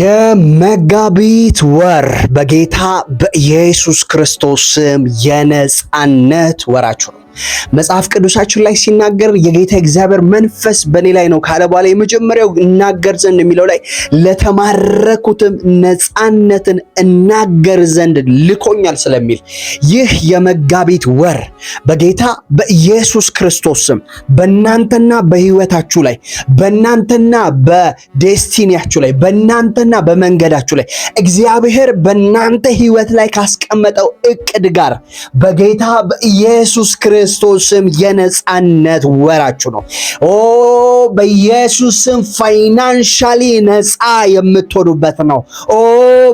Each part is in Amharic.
የመጋቢት ወር በጌታ በኢየሱስ ክርስቶስ ስም የነጻነት ወራችሁ ነው። መጽሐፍ ቅዱሳችን ላይ ሲናገር የጌታ እግዚአብሔር መንፈስ በእኔ ላይ ነው ካለ በኋላ የመጀመሪያው እናገር ዘንድ የሚለው ላይ ለተማረኩትም ነፃነትን እናገር ዘንድ ልኮኛል ስለሚል ይህ የመጋቢት ወር በጌታ በኢየሱስ ክርስቶስ ስም በእናንተና በህይወታችሁ ላይ በእናንተና በዴስቲኒያችሁ ላይ በእናንተና በመንገዳችሁ ላይ እግዚአብሔር በእናንተ ህይወት ላይ ካስቀመጠው እቅድ ጋር በጌታ በኢየሱስ ክርስቶስ ክርስቶስም የነፃነት ወራችሁ ነው። ኦ በኢየሱስም ፋይናንሻሊ ነፃ የምትሆኑበት ነው። ኦ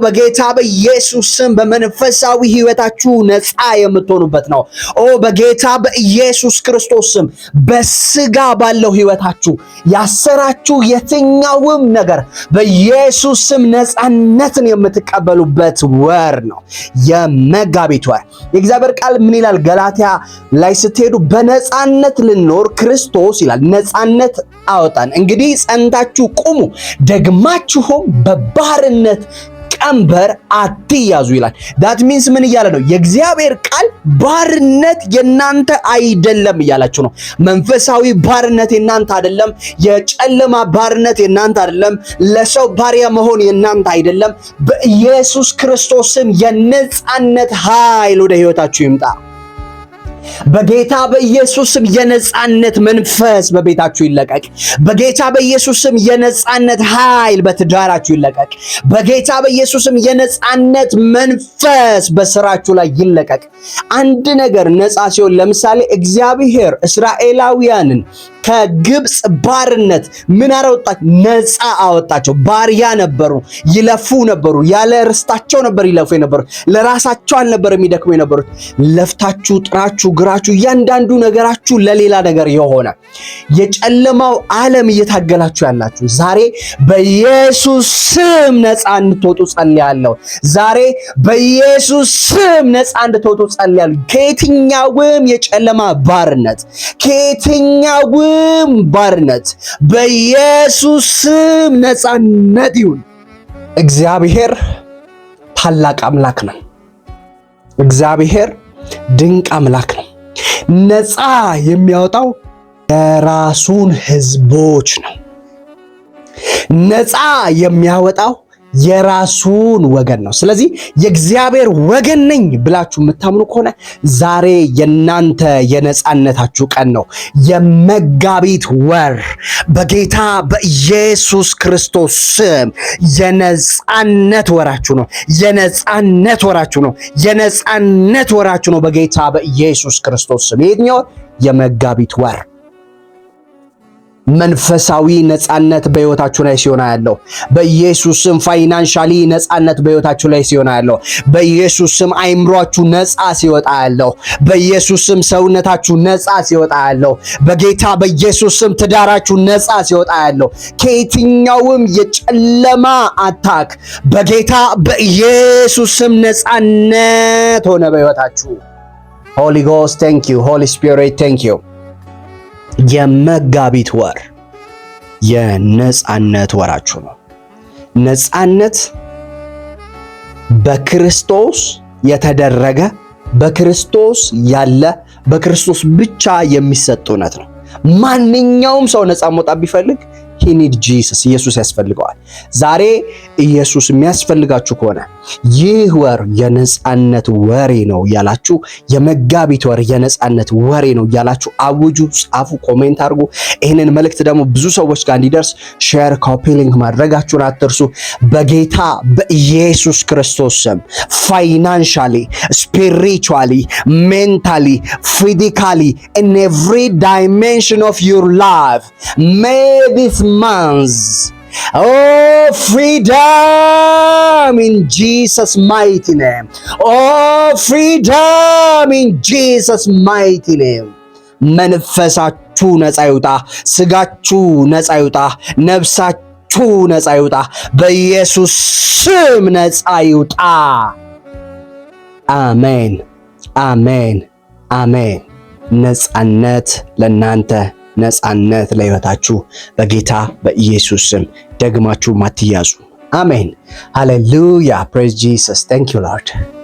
በጌታ በኢየሱስ ስም በመንፈሳዊ ህይወታችሁ ነፃ የምትሆኑበት ነው። ኦ በጌታ በኢየሱስ ክርስቶስ ስም በስጋ ባለው ህይወታችሁ ያሰራችሁ የትኛውም ነገር በኢየሱስ ስም ነፃነትን የምትቀበሉበት ወር ነው፣ የመጋቢት ወር። የእግዚአብሔር ቃል ምን ይላል? ገላትያ ላይ ስትሄዱ በነፃነት ልንኖር ክርስቶስ ይላል ነፃነት አወጣን። እንግዲህ ጸንታችሁ ቁሙ ደግማችሁም በባርነት ቀንበር አትያዙ ይላል። ዳት ሚንስ ምን እያለ ነው? የእግዚአብሔር ቃል ባርነት የናንተ አይደለም እያላችሁ ነው። መንፈሳዊ ባርነት የናንተ አይደለም። የጨለማ ባርነት የናንተ አይደለም። ለሰው ባሪያ መሆን የናንተ አይደለም። በኢየሱስ ክርስቶስም የነፃነት የነጻነት ኃይል ወደ ህይወታችሁ ይምጣ። በጌታ በኢየሱስም የነጻነት መንፈስ በቤታችሁ ይለቀቅ። በጌታ በኢየሱስም የነጻነት ኃይል በትዳራችሁ ይለቀቅ። በጌታ በኢየሱስም የነጻነት መንፈስ በስራችሁ ላይ ይለቀቅ። አንድ ነገር ነጻ ሲሆን፣ ለምሳሌ እግዚአብሔር እስራኤላውያንን ከግብፅ ባርነት ምን አወጣች? ነፃ አወጣቸው። ባሪያ ነበሩ፣ ይለፉ ነበሩ። ያለ ርስታቸው ነበር ይለፉ የነበሩ። ለራሳቸው አልነበር የሚደክሙ የነበሩት። ለፍታችሁ፣ ጥራችሁ፣ ግራችሁ እያንዳንዱ ነገራችሁ ለሌላ ነገር የሆነ የጨለማው ዓለም እየታገላችሁ ያላችሁ ዛሬ በኢየሱስ ስም ነፃ እንድትወጡ ጸልያለሁ። ዛሬ በኢየሱስ ስም ነፃ እንድትወጡ ጸልያለሁ። ከየትኛውም የጨለማ ባርነት ከየትኛው ስም ባርነት፣ በኢየሱስ ስም ነፃነት ይሁን። እግዚአብሔር ታላቅ አምላክ ነው። እግዚአብሔር ድንቅ አምላክ ነው። ነፃ የሚያወጣው የራሱን ህዝቦች ነው። ነፃ የሚያወጣው የራሱን ወገን ነው። ስለዚህ የእግዚአብሔር ወገን ነኝ ብላችሁ የምታምኑ ከሆነ ዛሬ የእናንተ የነፃነታችሁ ቀን ነው። የመጋቢት ወር በጌታ በኢየሱስ ክርስቶስ ስም የነፃነት ወራችሁ ነው። የነፃነት ወራችሁ ነው። የነፃነት ወራችሁ ነው በጌታ በኢየሱስ ክርስቶስ ስም። የትኛው የመጋቢት ወር መንፈሳዊ ነጻነት በህይወታችሁ ላይ ሲሆን ያለው በኢየሱስ ስም። ፋይናንሻሊ ነጻነት በህይወታችሁ ላይ ሲሆን ያለው በኢየሱስም ስም። አይምሯችሁ ነጻ ሲወጣ ያለው በኢየሱስም ስም። ሰውነታችሁ ነጻ ሲወጣ ያለው በጌታ በኢየሱስም ትዳራችሁ ነጻ ሲወጣ ያለው ከየትኛውም የጨለማ አታክ በጌታ በኢየሱስ ስም ነጻነት ሆነ በህይወታችሁ። ሆሊ ጎስት ቴንክ ዩ። ሆሊ ስፒሪት ቴንክ ዩ። የመጋቢት ወር የነጻነት ወራችሁ ነው። ነጻነት በክርስቶስ የተደረገ በክርስቶስ ያለ በክርስቶስ ብቻ የሚሰጥ እውነት ነው። ማንኛውም ሰው ነፃ መውጣት ቢፈልግ ኒድ ጂሰስ ኢየሱስ ያስፈልገዋል። ዛሬ ኢየሱስ የሚያስፈልጋችሁ ከሆነ ይህ ወር የነጻነት ወሬ ነው እያላችሁ የመጋቢት ወር የነጻነት ወሬ ነው እያላችሁ አውጁ፣ ጻፉ፣ ኮሜንት አድርጉ። ይህንን መልእክት ደግሞ ብዙ ሰዎች ጋር እንዲደርስ ሼር፣ ኮፒ ሊንክ ማድረጋችሁን አትርሱ። በጌታ በኢየሱስ ክርስቶስ ስም ፋይናንሻሊ፣ ስፒሪቹዋሊ፣ ሜንታሊ፣ ፊዚካሊ ኢን ኤቭሪ ዳይሜንሽን ኦፍ ዩር ላይፍ ሜይ ዲስ demands Oh, freedom in Jesus' mighty name. Oh, freedom in Jesus' mighty name. መንፈሳችሁ ነፃ ይውጣ፣ ስጋችሁ ነፃ ይውጣ፣ ነፍሳችሁ ነፃ ይውጣ። በኢየሱስ ስም ነፃ ይውጣ። አሜን፣ አሜን፣ አሜን። ነፃነት ለእናንተ ነፃነት ለሕይወታችሁ በጌታ በኢየሱስ ስም ደግማችሁ ማትያዙ አሜን። ሃሌሉያ ፕሬዝ ጂሰስ ታንክ ዩ ሎርድ